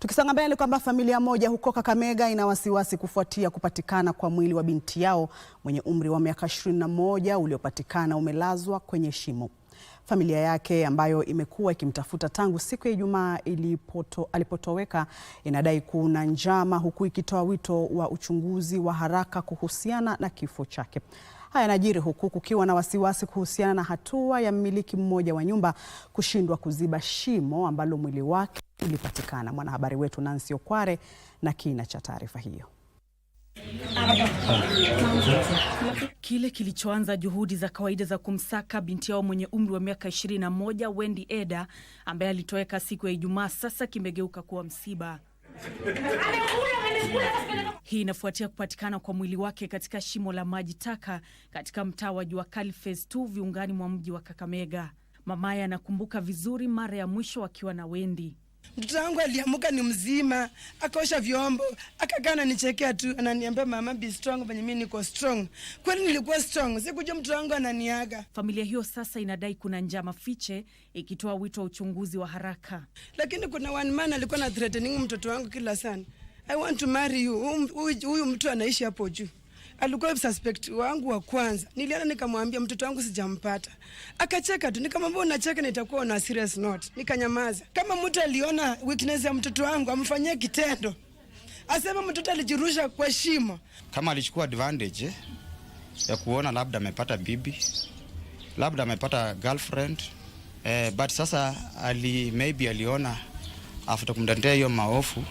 Tukisonga mbele kwamba familia moja huko Kakamega ina wasiwasi kufuatia kupatikana kwa mwili wa binti yao mwenye umri wa miaka 21 uliopatikana umelazwa kwenye shimo. Familia yake ambayo imekuwa ikimtafuta tangu siku ya Ijumaa alipotoweka inadai kuna njama, huku ikitoa wito wa uchunguzi wa haraka kuhusiana na kifo chake. Haya yanajiri huku kukiwa na wasiwasi kuhusiana na hatua ya mmiliki mmoja wa nyumba kushindwa kuziba shimo ambalo mwili wake ulipatikana. Mwanahabari wetu Nancy Okware na kina cha taarifa hiyo. Kile kilichoanza juhudi za kawaida za kumsaka binti yao mwenye umri wa miaka 21 Wendy Eda ambaye alitoweka siku ya Ijumaa sasa kimegeuka kuwa msiba. Hii inafuatia kupatikana kwa mwili wake katika shimo la maji taka katika mtaa wa Jua Kali phase 2 viungani mwa mji wa Kakamega. Mamaye anakumbuka vizuri mara ya mwisho akiwa na Wendy. Mtoto wangu aliamuka ni mzima, akaosha vyombo, akakaa ananichekea tu, ananiambia mama, be strong, venye mimi niko strong. Kweli nilikuwa strong, sikujua mtoto wangu ananiaga. Familia hiyo sasa inadai kuna njama fiche, ikitoa wito wa uchunguzi wa haraka. Lakini kuna one man alikuwa na threatening mtoto wangu kila sana, I want to marry you. Huyu mtu anaishi hapo juu alikuwa suspect wangu wa kwanza. Nilienda nikamwambia mtoto wangu sijampata, akacheka tu. Nikamwambia unacheka na itakuwa una serious note, nikanyamaza. Kama mtu aliona weakness ya mtoto wangu amfanyie kitendo, asema mtoto alijirusha kwa shimo. Kama alichukua advantage eh, ya kuona labda amepata bibi, labda amepata girlfriend eh, but sasa ali maybe aliona after kumdandia hiyo maofu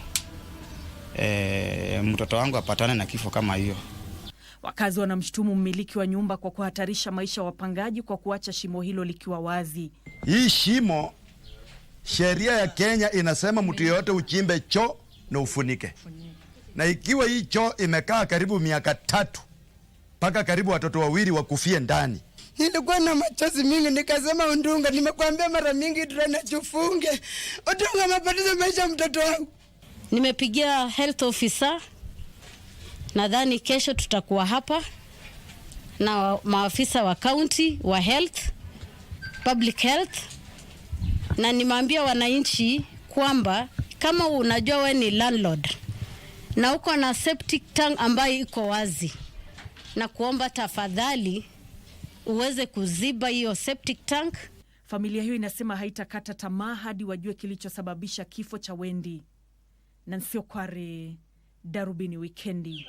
eh, mtoto wangu apatane na kifo kama hiyo. Wakazi wanamshutumu mmiliki wa nyumba kwa kuhatarisha maisha ya wapangaji kwa kuacha shimo hilo likiwa wazi. Hii shimo, sheria ya Kenya inasema mtu yeyote uchimbe choo na ufunike, na ikiwa hii choo imekaa karibu miaka tatu mpaka karibu watoto wawili wakufie ndani. Nilikuwa na machozi mingi, nikasema Undunga, nimekuambia mara mingi tunachufunge Undunga, mapatizo maisha mtoto wangu. Nimepigia health officer Nadhani kesho tutakuwa hapa na maafisa wa county wa health, public health, na nimeambia wananchi kwamba kama unajua we ni landlord na uko na septic tank ambayo iko wazi, na kuomba tafadhali uweze kuziba hiyo septic tank. Familia hiyo inasema haitakata tamaa hadi wajue kilichosababisha kifo cha Wendi. sio kware Darubini Wikendi.